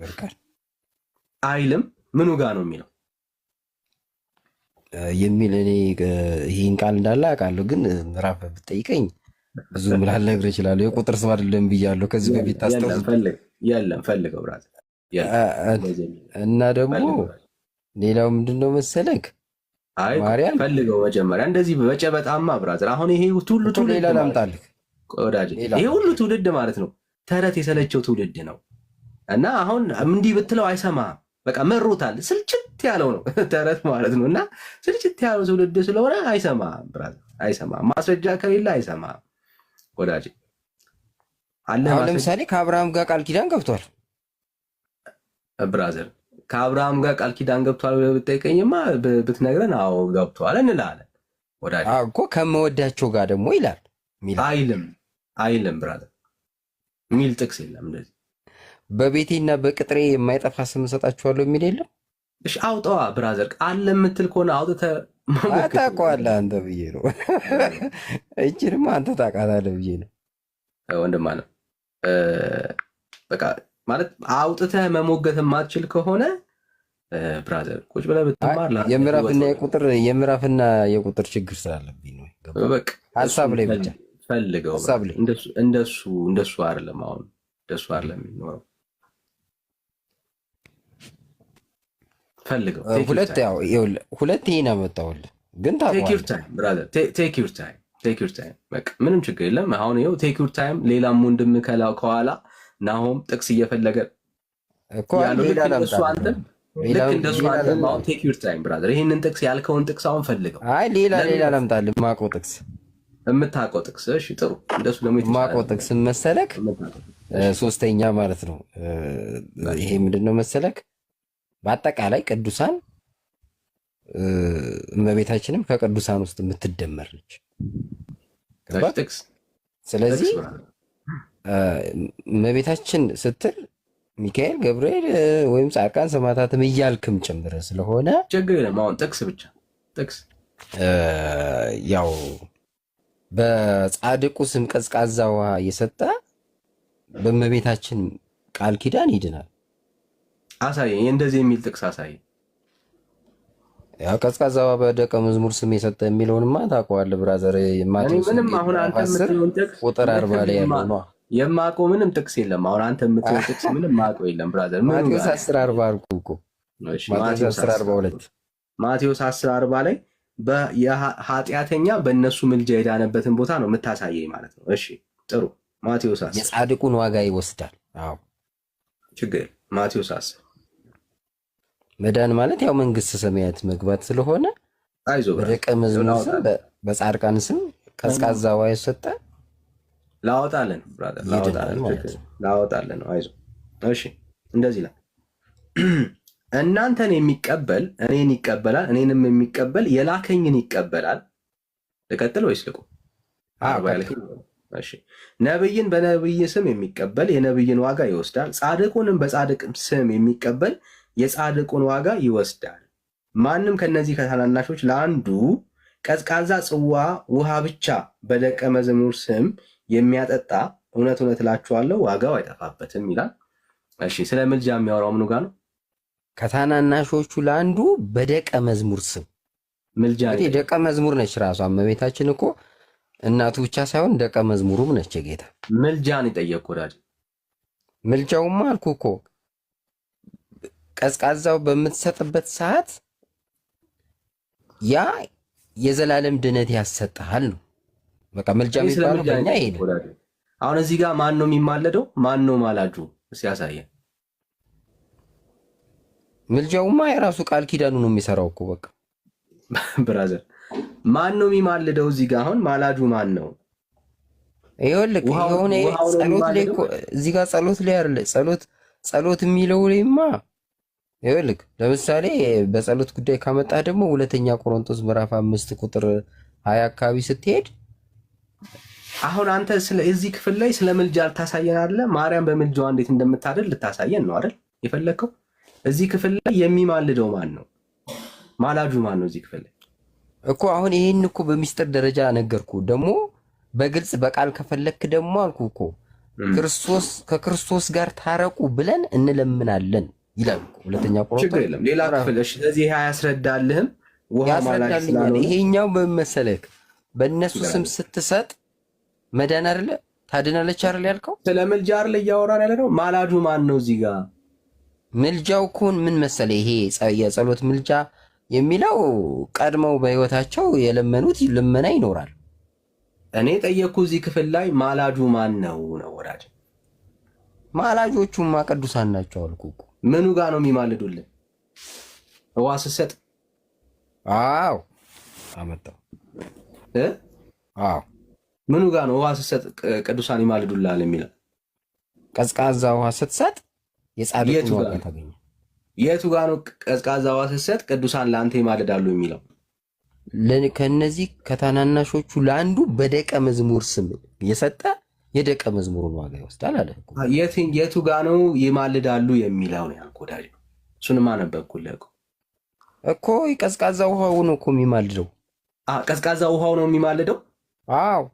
ከእግዚአብሔር ጋር አይልም። ምኑ ጋር ነው የሚለው የሚል እኔ ይህን ቃል እንዳለ አውቃለሁ፣ ግን ምዕራፍ ብትጠይቀኝ ብዙ ምላል ነግር እችላለሁ። የቁጥር ሰው አይደለም ብያለሁ ከዚህ በፊት ታስታውያለን ፈልገው እና ደግሞ ሌላው ምንድን ነው መሰለክ ማርያም ፈልገው መጀመሪያ እንደዚህ በጨበጣማ ብራዘር፣ አሁን ይሄ ትውልድ ሌላ ወዳጅ፣ ይሄ ሁሉ ትውልድ ማለት ነው፣ ተረት የሰለቸው ትውልድ ነው። እና አሁን እንዲህ ብትለው አይሰማም። በቃ መሮታል። ስልችት ያለው ነው ተረት ማለት ነው። እና ስልችት ያለው ትውልድ ስለሆነ አይሰማም፣ አይሰማም። ማስረጃ ከሌለ አይሰማም ወዳጅ። አሁን ለምሳሌ ከአብርሃም ጋር ቃል ኪዳን ገብቷል ብራዘር። ከአብርሃም ጋር ቃል ኪዳን ገብቷል ብጠይቀኝማ ብትነግረን አዎ ገብቷል እንላለን ወዳጅ እኮ። ከመወዳቸው ጋር ደግሞ ይላል አይልም፣ አይልም ብራዘር። የሚል ጥቅስ የለም እንደዚህ በቤቴና በቅጥሬ የማይጠፋ ስም እሰጣችኋለሁ የሚል የለም። እሺ አውጣዋ ብራዘር አለ የምትል ከሆነ አውጥተህ ታውቀዋለህ አንተ ብዬ ነው። እችንማ አንተ ታውቃታለህ ብዬ ነው ወንድማ ነው። በቃ ማለት አውጥተህ መሞገት የማትችል ከሆነ ብራዘር ቁጭ ብለህ ብትማር የምዕራፍና የቁጥር የምዕራፍና የቁጥር ችግር ስላለብኝ ነው። ሀሳብ ላይ ብቻ ፈልገው እንደሱ እንደሱ አይደለም አሁን እንደሱ አይደለም የሚኖረው ፈልገው ሁለት ይሄን ግን ምንም ችግር የለም። አሁን ይኸው ቴክ ዩር ታይም። ሌላም ወንድም ከኋላ ናሆም ጥቅስ እየፈለገ ይህንን ጥቅስ ያልከውን ጥቅስ አሁን ፈልገው። አይ ሌላ ሌላ ጥቅስ የምታውቀው ጥቅስ። እሺ ጥሩ፣ እንደሱ ደግሞ የማውቀው ጥቅስ መሰለክ ሶስተኛ ማለት ነው። ይሄ ምንድን ነው መሰለክ በአጠቃላይ ቅዱሳን እመቤታችንም ከቅዱሳን ውስጥ የምትደመር ነች። ስለዚህ እመቤታችን ስትል ሚካኤል፣ ገብርኤል ወይም ጻድቃን ሰማዕታትም እያልክም ጭምር ስለሆነ ችግር የለም። አሁን ጥቅስ ብቻ ጥቅስ ያው በጻድቁ ስም ቀዝቃዛ ውሃ እየሰጠ በእመቤታችን ቃል ኪዳን ይድናል። አሳየኝ፣ እንደዚህ የሚል ጥቅስ አሳየኝ። ያው ቀዝቃዛ በደቀ መዝሙር ስም የሰጠ የሚለውንማ ታውቀዋለህ ብራዘር። ምንም አሁን አንተ የምትሆን ጥቅስ ቁጥር አርባ ላይ ያለው ነው የማውቀው ምንም ጥቅስ የለም። አሁን አንተ የምትሆን ጥቅስ ምንም ማውቀው የለም ብራዘር። ማቴዎስ አስር አርባ አልኩ እኮ ማቴዎስ አስር አርባ ላይ ኃጢአተኛ በእነሱ ምልጃ የዳነበትን ቦታ ነው የምታሳየኝ ማለት ነው። እሺ ጥሩ። ማቴዎስ አስር የጻድቁን ዋጋ ይወስዳል። አዎ ችግር ማቴዎስ አስር መዳን ማለት ያው መንግስት ሰማያት መግባት ስለሆነ በደቀ መዝሙር ስም በጻድቃን ስም ቀዝቃዛ ውሃ የሰጠ ላወጣለን ላወጣለን። አይዞ እሺ፣ እንደዚህ ላ እናንተን የሚቀበል እኔን ይቀበላል፣ እኔንም የሚቀበል የላከኝን ይቀበላል። ልቀጥል ወይስ ልቁ? ነብይን በነብይ ስም የሚቀበል የነብይን ዋጋ ይወስዳል። ጻድቁንም በጻድቅ ስም የሚቀበል የጻድቁን ዋጋ ይወስዳል። ማንም ከነዚህ ከታናናሾች ለአንዱ ቀዝቃዛ ጽዋ ውሃ ብቻ በደቀ መዝሙር ስም የሚያጠጣ እውነት እውነት እላችኋለሁ ዋጋው አይጠፋበትም ይላል። እሺ፣ ስለ ምልጃ የሚያወራው ምኑ ጋር ነው? ከታናናሾቹ ለአንዱ በደቀ መዝሙር ስም ምልጃ ደቀ መዝሙር ነች። ራሷ እመቤታችን እኮ እናቱ ብቻ ሳይሆን ደቀ መዝሙሩም ነች። ጌታ ምልጃን ይጠየቅ ወዳጅ ምልጃውማ አልኩ እኮ ቀዝቃዛው በምትሰጥበት ሰዓት ያ የዘላለም ድነት ያሰጥሃል ነው። በቃ መልጃ የሚባለው በእኛ ይሄ ነው። አሁን እዚህ ጋር ማን ነው የሚማለደው? ማን ነው ማላጁ? ሲያሳየ ምልጃውማ የራሱ ቃል ኪዳኑ ነው የሚሰራው እኮ በቃ ብራዘር፣ ማን ነው የሚማልደው? እዚህ ጋር አሁን ማላጁ ማን ነው? ይኸውልህ የሆነ ጸሎት ላይ እዚህ ጋር ጸሎት ላይ አይደለ ጸሎት ጸሎት የሚለው ላይማ ይልክ ለምሳሌ በጸሎት ጉዳይ ካመጣ ደግሞ ሁለተኛ ቆሮንቶስ ምዕራፍ አምስት ቁጥር ሀያ አካባቢ ስትሄድ አሁን አንተ እዚህ ክፍል ላይ ስለ ምልጃ ልታሳየን አለ። ማርያም በምልጃዋ እንዴት እንደምታደል ልታሳየን ነው አይደል የፈለግከው? እዚህ ክፍል ላይ የሚማልደው ማን ነው? ማላጁ ማን ነው? እዚህ ክፍል ላይ እኮ አሁን ይህን እኮ በሚስጥር ደረጃ ነገርኩ። ደግሞ በግልጽ በቃል ከፈለክ ደግሞ አልኩ እኮ ክርስቶስ ከክርስቶስ ጋር ታረቁ ብለን እንለምናለን ይላል ሁለተኛ ችግር የለም ሌላ ክፍል። ስለዚህ ይሄ አያስረዳልህም። ይሄኛው በመሰለክ በእነሱ ስም ስትሰጥ መዳን አይደለ ታድናለች አይደል ያልከው። ስለ ምልጃ አይደል እያወራን ያለ ነው። ማላጁ ማን ነው እዚህ ጋር? ምልጃው ኩን ምን መሰለ ይሄ የጸሎት ምልጃ የሚለው ቀድመው በህይወታቸው የለመኑት ልመና ይኖራል። እኔ ጠየቅኩ እዚህ ክፍል ላይ ማላጁ ማን ነው ነው ወዳጅ። ማላጆቹማ ቅዱሳን ናቸው አልኩ እኮ ምኑ ጋር ነው የሚማልዱልን? ውሃ ስትሰጥ አዎ፣ አመጣው እ አዎ ምኑ ጋ ነው ውሃ ስትሰጥ ቅዱሳን ይማልዱልሃል የሚለው? ቀዝቃዛ ውሃ ስትሰጥ የጻድቁ ዋጋ የቱ ጋ ነው ቀዝቃዛ ውሃ ስትሰጥ ቅዱሳን ለአንተ ይማልዳሉ የሚለው? ከእነዚህ ከታናናሾቹ ለአንዱ በደቀ መዝሙር ስም የሰጠ የደቀ መዝሙሩን ዋጋ ይወስዳል አለ። የቱ ጋ ነው ይማልዳሉ የሚለው ነው ያልኩህ ወዳጅ። እሱንማ ነበብኩልህ እኮ ቀዝቃዛ ውሃው ነው እኮ የሚማልደው። ቀዝቃዛ ውሃው ነው የሚማልደው። አዎ።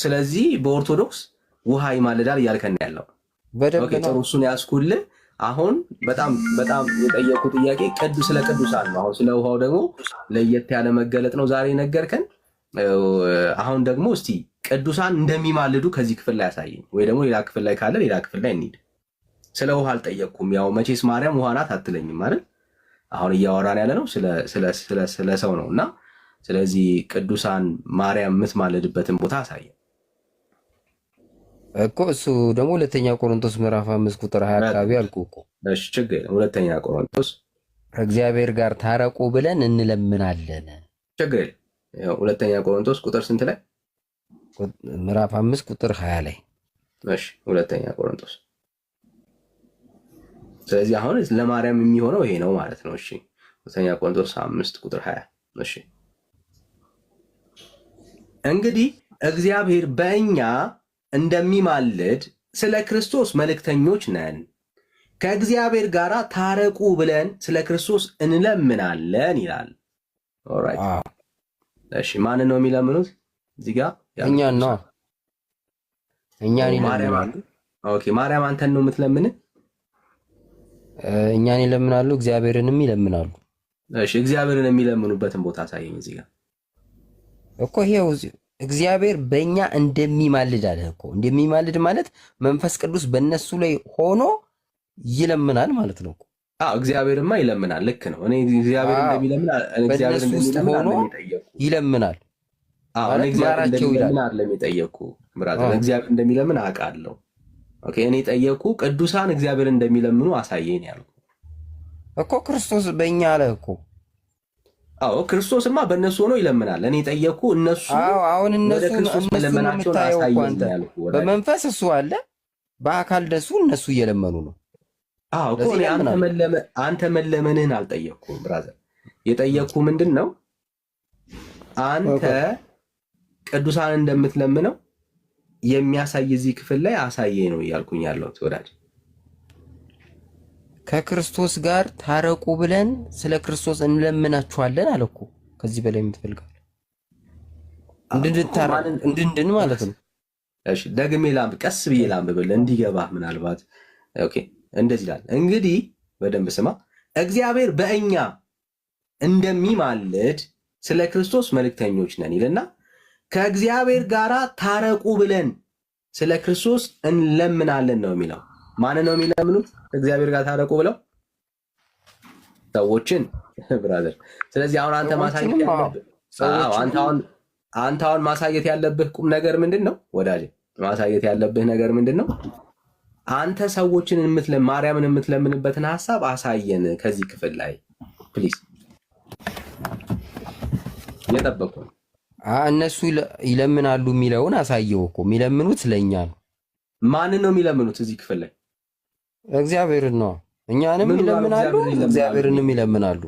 ስለዚህ በኦርቶዶክስ ውሃ ይማልዳል እያልከን ያለው በደንብ ጥሩ። እሱን ያዝኩልህ። አሁን በጣም በጣም የጠየቁ ጥያቄ ቅዱስ ስለ ቅዱሳን ነው። አሁን ስለ ውሃው ደግሞ ለየት ያለ መገለጥ ነው ዛሬ ነገርከን። አሁን ደግሞ እስቲ ቅዱሳን እንደሚማልዱ ከዚህ ክፍል ላይ ያሳየኝ፣ ወይ ደግሞ ሌላ ክፍል ላይ ካለ ሌላ ክፍል ላይ እንሂድ። ስለ ውሃ አልጠየቅኩም። ያው መቼስ ማርያም ውሃ ናት አትለኝም ማለት አሁን እያወራን ያለ ነው ስለ ሰው ነው እና ስለዚህ ቅዱሳን ማርያም የምትማልድበትን ቦታ አሳየ እኮ እሱ ደግሞ ሁለተኛ ቆሮንቶስ ምዕራፍ አምስት ቁጥር ሀያ አካባቢ አልኩ እኮ ችግር ሁለተኛ ቆሮንቶስ ከእግዚአብሔር ጋር ታረቁ ብለን እንለምናለን ችግር ሁለተኛ ቆሮንቶስ ቁጥር ስንት ላይ ምዕራፍ አምስት ቁጥር ሀያ ላይ ሁለተኛ ቆሮንቶስ። ስለዚህ አሁን ለማርያም የሚሆነው ይሄ ነው ማለት ነው። እሺ፣ ሁለተኛ ቆሮንቶስ አምስት ቁጥር ሀያ እሺ። እንግዲህ እግዚአብሔር በእኛ እንደሚማልድ ስለ ክርስቶስ መልእክተኞች ነን፣ ከእግዚአብሔር ጋር ታረቁ ብለን ስለ ክርስቶስ እንለምናለን ይላል። ኦራይት እሺ። ማንን ነው የሚለምኑት እዚህ ጋር? እኛ ነው እኛ ማርያም አንተን ነው የምትለምን። እኛን ይለምናሉ፣ እግዚአብሔርንም ይለምናሉ። እሺ እግዚአብሔርን የሚለምኑበትን ቦታ አሳየኝ። እዚህ ጋር እኮ ይሄው እግዚአብሔር በእኛ እንደሚማልድ አለ እኮ። እንደሚማልድ ማለት መንፈስ ቅዱስ በእነሱ ላይ ሆኖ ይለምናል ማለት ነው እኮ። አዎ እግዚአብሔርማ ይለምናል። ልክ ነው። እኔ እግዚአብሔር እንደሚለምን እግዚአብሔር እንደሚለምን ይለምናል አሁን እግዚአብሔር እንደሚለምን አይደለም የጠየቅኩ እንደሚለምን አውቃለሁ። ኦኬ እኔ ጠየቅኩ፣ ቅዱሳን እግዚአብሔር እንደሚለምኑ አሳየኝ ያልኩ እኮ ክርስቶስ በእኛ አለ እኮ። አዎ ክርስቶስማ በእነሱ ሆኖ ይለምናል። እኔ ጠየቅኩ፣ እነሱ አሁን እነሱ መለመናቸውን በመንፈስ እሱ አለ፣ በአካል ደሱ እነሱ እየለመኑ ነው። አንተ መለመንህን አልጠየቅኩም ብራዘር። የጠየቅኩ ምንድን ነው አንተ ቅዱሳን እንደምትለምነው የሚያሳይ እዚህ ክፍል ላይ አሳየ ነው እያልኩኝ ያለሁት ወዳጅ። ከክርስቶስ ጋር ታረቁ ብለን ስለ ክርስቶስ እንለምናችኋለን አለ እኮ። ከዚህ በላይ የምትፈልገው እንድንድን ማለት ነው። እሺ ደግሜ ላምብ፣ ቀስ ብዬ ላምብብል እንዲገባ ምናልባት። እንደዚህ ይላል እንግዲህ፣ በደንብ ስማ። እግዚአብሔር በእኛ እንደሚማልድ ስለ ክርስቶስ መልእክተኞች ነን ይልና ከእግዚአብሔር ጋር ታረቁ ብለን ስለ ክርስቶስ እንለምናለን ነው የሚለው። ማን ነው የሚለምኑት? ከእግዚአብሔር ጋር ታረቁ ብለው ሰዎችን ብራዘር። ስለዚህ አሁን አንተ ማሳየት አንተ አሁን ማሳየት ያለብህ ቁም ነገር ምንድን ነው ወዳጅ? ማሳየት ያለብህ ነገር ምንድን ነው? አንተ ሰዎችን ማርያምን የምትለምንበትን ሀሳብ አሳየን ከዚህ ክፍል ላይ ፕሊዝ። እየጠበቁ ነው። እነሱ ይለምናሉ የሚለውን አሳየው እኮ የሚለምኑት ለእኛ ነው። ማንን ነው የሚለምኑት? እዚህ ክፍል ላይ እግዚአብሔርን ነው። እኛንም ይለምናሉ እግዚአብሔርንም ይለምናሉ።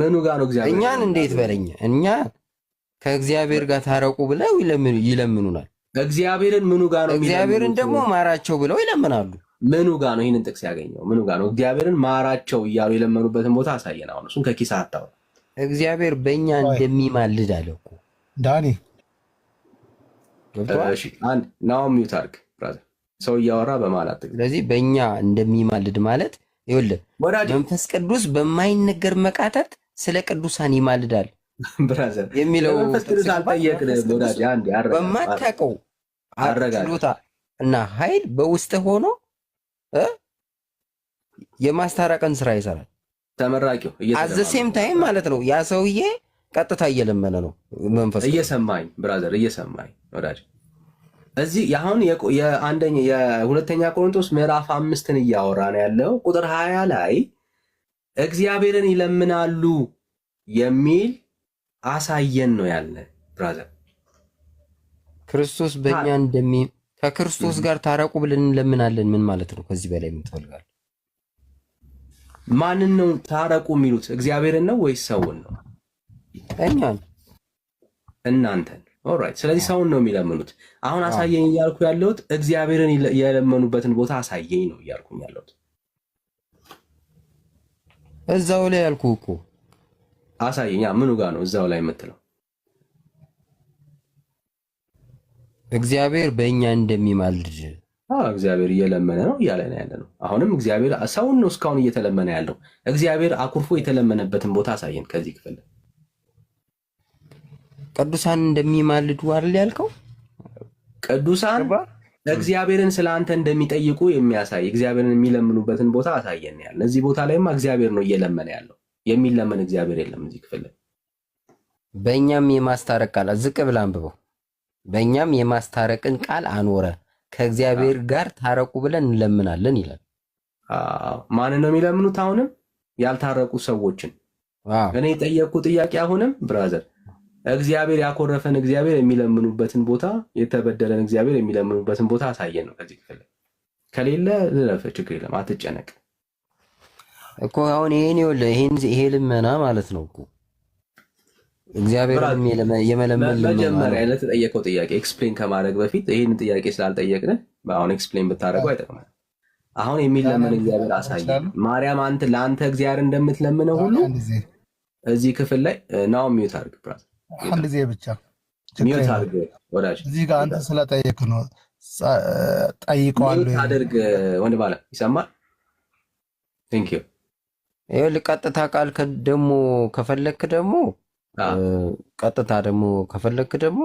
ምኑ ጋር ነው እግዚአብሔር? እኛን እንዴት በለኝ እኛ ከእግዚአብሔር ጋር ታረቁ ብለው ይለምኑናል። እግዚአብሔርን ምኑ ጋር ነው? እግዚአብሔርን ደግሞ ማራቸው ብለው ይለምናሉ። ምኑ ጋር ነው? ይህንን ጥቅስ ያገኘው ምኑ ጋር ነው? እግዚአብሔርን ማራቸው እያሉ የለመኑበትን ቦታ አሳየን። አሁን እሱን ከኪስ አታው እግዚአብሔር በእኛ እንደሚማልድ አለ እኮ ዳኒ ናው ሚውት አድርግ ሰው እያወራ በማላት ስለዚህ በእኛ እንደሚማልድ ማለት ይኸውልህ መንፈስ ቅዱስ በማይነገር መቃተት ስለ ቅዱሳን ይማልዳል የሚለው በማታውቀው ችሎታ እና ኃይል በውስጥ ሆኖ የማስታረቅን ስራ ይሰራል። ተመራቂው አዘሴም ታይም ማለት ነው ያ ሰውዬ ቀጥታ እየለመነ ነው መንፈስ እየሰማኝ ብራዘር እየሰማኝ ወዳጅ እዚህ አሁን የአንደኛ የሁለተኛ ቆሮንቶስ ምዕራፍ አምስትን እያወራ ነው ያለው ቁጥር ሀያ ላይ እግዚአብሔርን ይለምናሉ የሚል አሳየን ነው ያለ ብራዘር ክርስቶስ በእኛ እንደሚ ከክርስቶስ ጋር ታረቁ ብለን እንለምናለን ምን ማለት ነው ከዚህ በላይ ምን ትፈልጋለህ ማንን ነው ታረቁ የሚሉት እግዚአብሔርን ነው ወይስ ሰውን ነው እኛን እናንተን ኦራይት። ስለዚህ ሰውን ነው የሚለምኑት። አሁን አሳየኝ እያልኩ ያለሁት እግዚአብሔርን የለመኑበትን ቦታ አሳየኝ ነው እያልኩ ያለሁት። እዛው ላይ ያልኩ እኮ አሳየኝ። ምኑ ጋር ነው እዛው ላይ የምትለው? እግዚአብሔር በእኛ እንደሚማልድ እግዚአብሔር እየለመነ ነው እያለ ነው ያለ ነው። አሁንም እግዚአብሔር ሰውን ነው እስካሁን እየተለመነ ያለው። እግዚአብሔር አኩርፎ የተለመነበትን ቦታ አሳየን ከዚህ ክፍል ቅዱሳን እንደሚማልዱ አይደል ያልከው? ቅዱሳን እግዚአብሔርን ስለ አንተ እንደሚጠይቁ የሚያሳይ እግዚአብሔርን የሚለምኑበትን ቦታ አሳየን ያለ። እዚህ ቦታ ላይማ እግዚአብሔር ነው እየለመነ ያለው። የሚለመን እግዚአብሔር የለም እዚህ ክፍል። በእኛም የማስታረቅ ቃል ዝቅ ብላ አንብበው። በእኛም የማስታረቅን ቃል አኖረ ከእግዚአብሔር ጋር ታረቁ ብለን እንለምናለን ይላል። ማንን ነው የሚለምኑት? አሁንም ያልታረቁ ሰዎችን። እኔ የጠየቅኩ ጥያቄ አሁንም ብራዘር እግዚአብሔር ያኮረፈን እግዚአብሔር የሚለምኑበትን ቦታ የተበደለን እግዚአብሔር የሚለምኑበትን ቦታ አሳየን ነው። ከዚህ ክፍል ከሌለ ልለፈ ችግር የለም አትጨነቅ እኮ አሁን ይሄን ይወለ ይሄን ይሄ ልመና ማለት ነው እኮ እግዚአብሔር የመለመን መጀመሪያ ለተጠየቀው ጥያቄ ኤክስፕሌን ከማድረግ በፊት ይህን ጥያቄ ስላልጠየቅን አሁን ኤክስፕሌን ብታደርገው አይጠቅምም። አሁን የሚለመን እግዚአብሔር አሳየ ማርያም አንተ ለአንተ እግዚአብሔር እንደምትለምነው ሁሉ እዚህ ክፍል ላይ ናው uh, ሚዩት አድርግ ብራዘር አንድ ጊዜ ብቻ እዚህ ጋር አንተ ስለጠየቅ ነው ጠይቀዋለሁ። አድርግ ወንድ ባለ ይሰማል። ይኸውልህ ቀጥታ ቃል ደግሞ ከፈለክ ደግሞ ቀጥታ ደግሞ ከፈለክ ደግሞ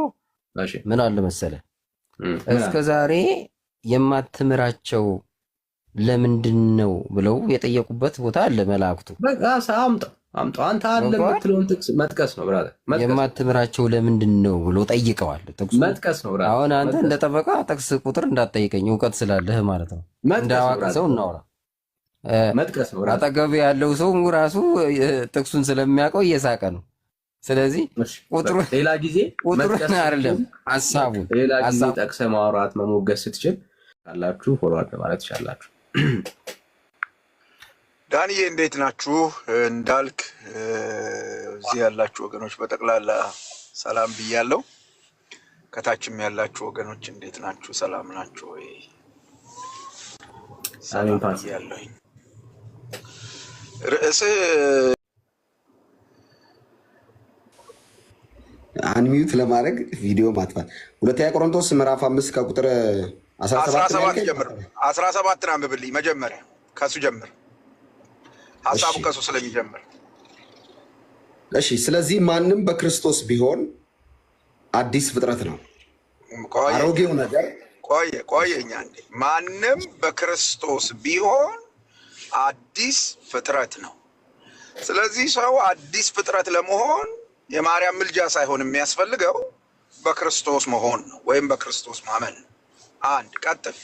ምን አለ መሰለ እስከ ዛሬ የማትምራቸው ለምንድን ነው ብለው የጠየቁበት ቦታ አለ። መላእክቱ አምጣው አምጣ አንተ አለ የምትለውን ጥቅስ መጥቀስ ነው ብራዘር። የማትምራቸው ለምንድን ነው ብሎ ጠይቀዋል። ጥቅሱ መጥቀስ ነው ብራዘር። አሁን አንተ እንደ ጠበቃ ጥቅስ ቁጥር እንዳትጠይቀኝ እውቀት ስላለህ ማለት ነው። እንደ አዋቂ ሰው እናውራ። መጥቀስ ነው ብራዘር። አጠገብ ያለው ሰው ራሱ ጥቅሱን ስለሚያውቀው እየሳቀ ነው። ስለዚህ ቁጥሩ ሌላ ጊዜ ቁጥሩን አይደለም ሐሳቡን ሌላ ጊዜ ጠቅሰህ ማውራት መሞገስ ስትችል ካላችሁ ፎሎ አድርገህ ማለት ትችላላችሁ። ዳንዬ እንዴት ናችሁ? እንዳልክ እዚህ ያላችሁ ወገኖች በጠቅላላ ሰላም ብያለሁ። ከታችም ያላችሁ ወገኖች እንዴት ናችሁ? ሰላም ናችሁ ወይ? ሰላም ብያለሁኝ። ርዕስህ አንሚዩት ለማድረግ ቪዲዮ ማጥፋት ሁለተኛ ቆሮንቶስ ምዕራፍ አምስት ከቁጥር አስራ ሰባት ጀምር። አስራ ሰባት አንብብልኝ መጀመሪያ ከሱ ጀምር ሀሳቡ ከሱ ስለሚጀምር እሺ። ስለዚህ ማንም በክርስቶስ ቢሆን አዲስ ፍጥረት ነው። አሮጌው ነገር ቆየ እኛ እንዴ ማንም በክርስቶስ ቢሆን አዲስ ፍጥረት ነው። ስለዚህ ሰው አዲስ ፍጥረት ለመሆን የማርያም ምልጃ ሳይሆን የሚያስፈልገው በክርስቶስ መሆን ነው፣ ወይም በክርስቶስ ማመን ነው። አንድ ቀጥል።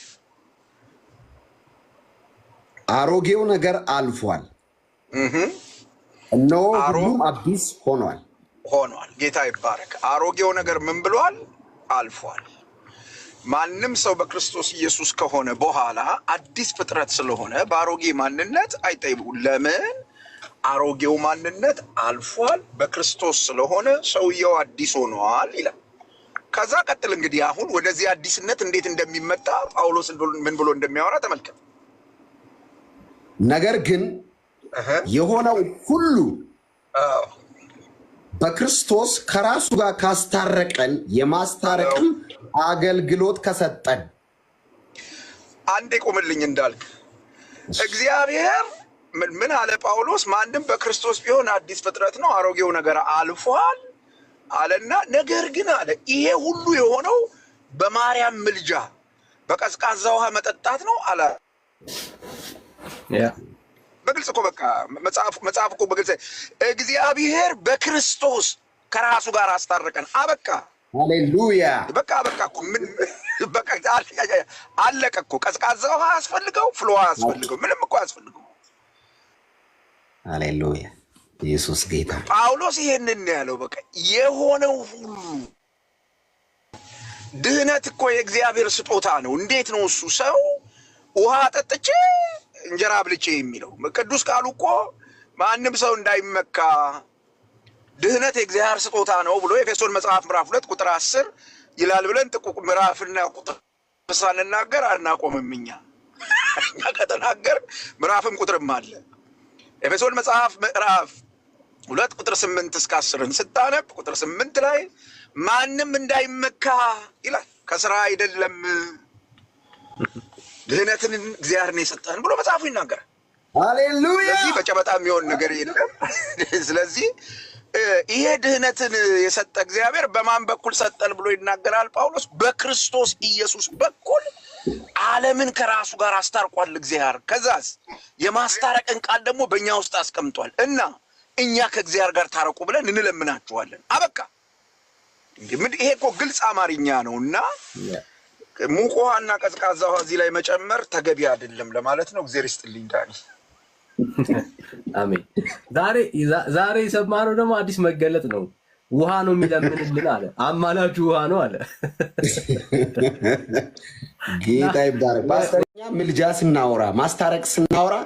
አሮጌው ነገር አልፏል፣ እነሆ ሁሉም አዲስ ሆኗል ሆኗል። ጌታ ይባረክ። አሮጌው ነገር ምን ብሏል? አልፏል። ማንም ሰው በክርስቶስ ኢየሱስ ከሆነ በኋላ አዲስ ፍጥረት ስለሆነ በአሮጌ ማንነት አይጠይቡ። ለምን? አሮጌው ማንነት አልፏል፣ በክርስቶስ ስለሆነ ሰውየው አዲስ ሆኗል ይላል። ከዛ ቀጥል እንግዲህ አሁን ወደዚህ አዲስነት እንዴት እንደሚመጣ ጳውሎስ ምን ብሎ እንደሚያወራ ተመልከት። ነገር ግን የሆነው ሁሉ በክርስቶስ ከራሱ ጋር ካስታረቀን የማስታረቅም አገልግሎት ከሰጠን። አንዴ ቁምልኝ እንዳልክ እግዚአብሔር ምን ምን አለ ጳውሎስ፣ ማንም በክርስቶስ ቢሆን አዲስ ፍጥረት ነው፣ አሮጌው ነገር አልፏል አለና፣ ነገር ግን አለ ይሄ ሁሉ የሆነው በማርያም ምልጃ በቀዝቃዛ ውሃ መጠጣት ነው አላ በግልጽ እኮ በቃ መጽሐፍ እኮ በግልጽ እግዚአብሔር በክርስቶስ ከራሱ ጋር አስታረቀን። አበቃ። ሃሌሉያ። በቃ በቃ እኮ ምን በቃ አለቀ እኮ። ቀዝቃዛ ውሃ አስፈልገው ፍሎ አስፈልገው ምንም እኮ አያስፈልገው። ሃሌሉያ። ኢየሱስ ጌታ። ጳውሎስ ይሄንን ያለው በቃ የሆነው ሁሉ ድህነት እኮ የእግዚአብሔር ስጦታ ነው። እንዴት ነው እሱ ሰው ውሃ ጠጥቼ እንጀራ አብልቼ የሚለው ቅዱስ ቃሉ እኮ ማንም ሰው እንዳይመካ ድህነት የእግዚአብሔር ስጦታ ነው ብሎ ኤፌሶን መጽሐፍ ምዕራፍ ሁለት ቁጥር አስር ይላል ብለን ጥቁቅ ምዕራፍና ቁጥር ሳንናገር አናቆምም። እኛ እኛ ከተናገር ምዕራፍም ቁጥርም አለ። ኤፌሶን መጽሐፍ ምዕራፍ ሁለት ቁጥር ስምንት እስከ አስርን ስታነብ ቁጥር ስምንት ላይ ማንም እንዳይመካ ይላል ከስራ አይደለም ድህነትን እግዚአብሔር ነው የሰጠህን ብሎ መጽሐፉ ይናገራል። አሌሉያ። ስለዚህ በጨበጣ የሚሆን ነገር የለም። ስለዚህ ይሄ ድህነትን የሰጠ እግዚአብሔር በማን በኩል ሰጠን ብሎ ይናገራል ጳውሎስ። በክርስቶስ ኢየሱስ በኩል ዓለምን ከራሱ ጋር አስታርቋል እግዚአብሔር። ከዛስ የማስታረቅን ቃል ደግሞ በእኛ ውስጥ አስቀምጧል እና እኛ ከእግዚአብሔር ጋር ታረቁ ብለን እንለምናችኋለን። አበቃ። ይሄ እኮ ግልጽ አማርኛ ነው እና ሙቅ ውሃና እና ቀዝቃዛ ውሃ እዚህ ላይ መጨመር ተገቢ አይደለም ለማለት ነው። እግዜር ይስጥልኝ ዳኒ። አሜን። ዛሬ የሰማነው ደግሞ አዲስ መገለጥ ነው። ውሃ ነው የሚለምንልን አለ። አማላጁ ውሃ ነው አለ። ጌታ ይባረክ። ፓስተርኛ ምልጃ ስናወራ፣ ማስታረቅ ስናወራ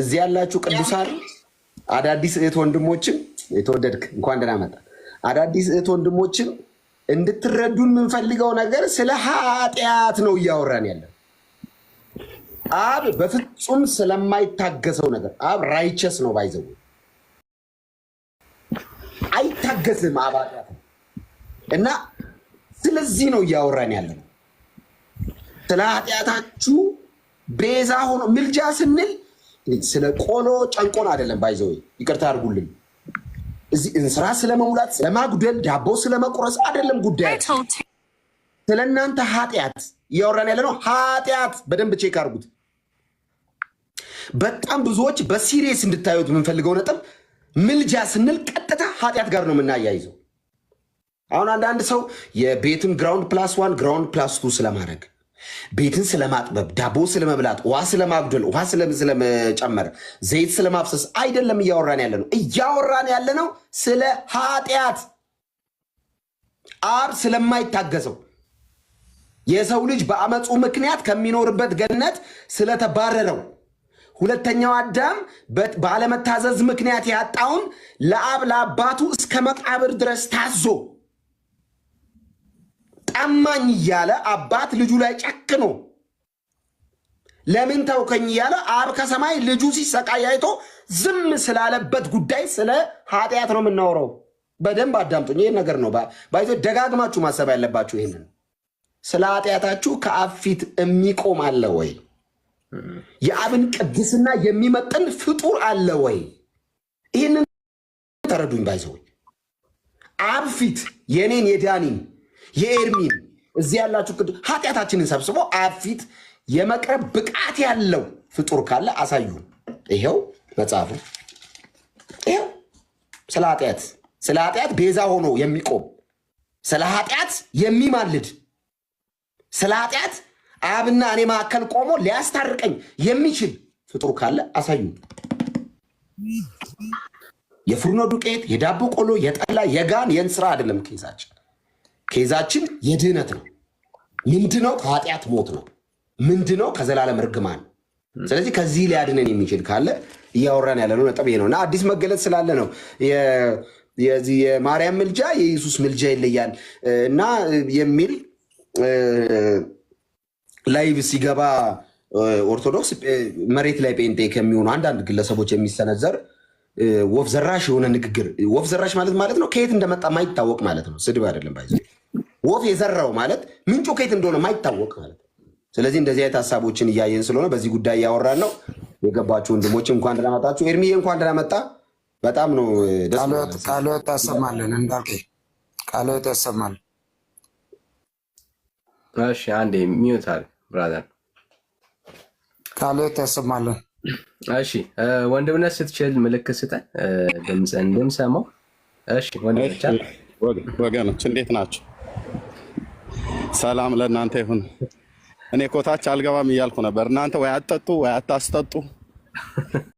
እዚህ ያላችሁ ቅዱሳን አዳዲስ እህት ወንድሞችን የተወደድክ እንኳን ደህና መጣ አዳዲስ እህት ወንድሞችን እንድትረዱ የምንፈልገው ነገር ስለ ኃጢአት ነው እያወራን ያለን። አብ በፍጹም ስለማይታገሰው ነገር አብ ራይቸስ ነው ባይዘው አይታገስም አብ ኃጢአት እና ስለዚህ ነው እያወራን ያለን። ስለ ኃጢአታችሁ ቤዛ ሆኖ ምልጃ ስንል ስለ ቆሎ ጨንቆን አይደለም። ባይዘው ይቅርታ አድርጉልኝ። እዚህ እንስራ ስለመሙላት ስለማጉደል ዳቦ ስለመቁረስ አይደለም ጉዳይ። ስለ እናንተ ኃጢአት እያወራን ያለ ነው። ኃጢአት በደንብ ቼክ አድርጉት። በጣም ብዙዎች በሲሪየስ እንድታዩት የምንፈልገው ነጥብ ምልጃ ስንል ቀጥታ ኃጢአት ጋር ነው የምናያይዘው። አሁን አንዳንድ ሰው የቤትም ግራውንድ ፕላስ ዋን ግራውንድ ፕላስ ቱ ስለማድረግ ቤትን ስለማጥበብ፣ ዳቦ ስለመብላት፣ ውሃ ስለማጉደል፣ ውሃ ስለመጨመር፣ ዘይት ስለማፍሰስ አይደለም እያወራን ያለ ነው። እያወራን ያለ ነው ስለ ኃጢአት አብ ስለማይታገዘው የሰው ልጅ በአመፁ ምክንያት ከሚኖርበት ገነት ስለተባረረው ሁለተኛው አዳም ባለመታዘዝ ምክንያት ያጣውን ለአብ ለአባቱ እስከ መቃብር ድረስ ታዞ ቀማኝ እያለ አባት ልጁ ላይ ጨክኖ ለምን ተውከኝ እያለ አብ ከሰማይ ልጁ ሲሰቃይ አይቶ ዝም ስላለበት ጉዳይ ስለ ኃጢአት ነው የምናወራው። በደንብ አዳምጡኝ። ይህን ነገር ነው ባይዘ ደጋግማችሁ ማሰብ ያለባችሁ። ይህንን ስለ ኃጢአታችሁ ከአብ ፊት የሚቆም አለ ወይ? የአብን ቅድስና የሚመጥን ፍጡር አለ ወይ? ይህንን ተረዱኝ። ባይዘ አብ ፊት የኔን የዳኒን የኤርሚን እዚህ ያላችሁ ቅዱስ ኃጢአታችንን ሰብስቦ አብ ፊት የመቅረብ ብቃት ያለው ፍጡር ካለ አሳዩ ይሄው መጽሐፉ ይሄው ስለ ኃጢአት ስለ ኃጢአት ቤዛ ሆኖ የሚቆም ስለ ኃጢአት የሚማልድ ስለ ኃጢአት አብና እኔ መካከል ቆሞ ሊያስታርቀኝ የሚችል ፍጡር ካለ አሳዩ። የፍርኖ ዱቄት፣ የዳቦ ቆሎ፣ የጠላ፣ የጋን፣ የእንስራ አይደለም ኬዛችን። ኬዛችን የድህነት ነው። ምንድነው? ከኃጢአት ሞት ነው። ምንድነው? ከዘላለም እርግማን ነው። ስለዚህ ከዚህ ሊያድነን የሚችል ካለ እያወራን ነው። ነጥብ ነውእና ነው እና አዲስ መገለጽ ስላለ ነው የዚህ የማርያም ምልጃ የኢየሱስ ምልጃ ይለያል እና የሚል ላይቭ ሲገባ ኦርቶዶክስ መሬት ላይ ጴንጤ ከሚሆኑ አንዳንድ ግለሰቦች የሚሰነዘር ወፍ ዘራሽ የሆነ ንግግር ወፍ ዘራሽ ማለት ማለት ነው ከየት እንደመጣ ማይታወቅ ማለት ነው። ስድብ አይደለም። ባይ ወፍ የዘራው ማለት ምንጩ ከየት እንደሆነ ማይታወቅ ማለት ነው። ስለዚህ እንደዚህ አይነት ሀሳቦችን እያየን ስለሆነ በዚህ ጉዳይ እያወራን ነው። የገባችሁ ወንድሞች እንኳን ደህና መጣችሁ። ኤርሚዬ እንኳን ደህና መጣ። በጣም ነው ደስ ቃልዎት ያሰማልን እንዳልኩህ ቃልዎት ያሰማልን። እሺ አንዴ ሚዩታል ብራዘር ቃልወት ያሰማለን እሺ ወንድምነት ስትችል ምልክት ስጠን፣ ድምፅ እንድምሰማው። እሺ ወገኖች እንዴት ናቸው? ሰላም ለእናንተ ይሁን። እኔ ኮታች አልገባም እያልኩ ነበር። እናንተ ወይ አትጠጡ ወይ አታስጠጡ።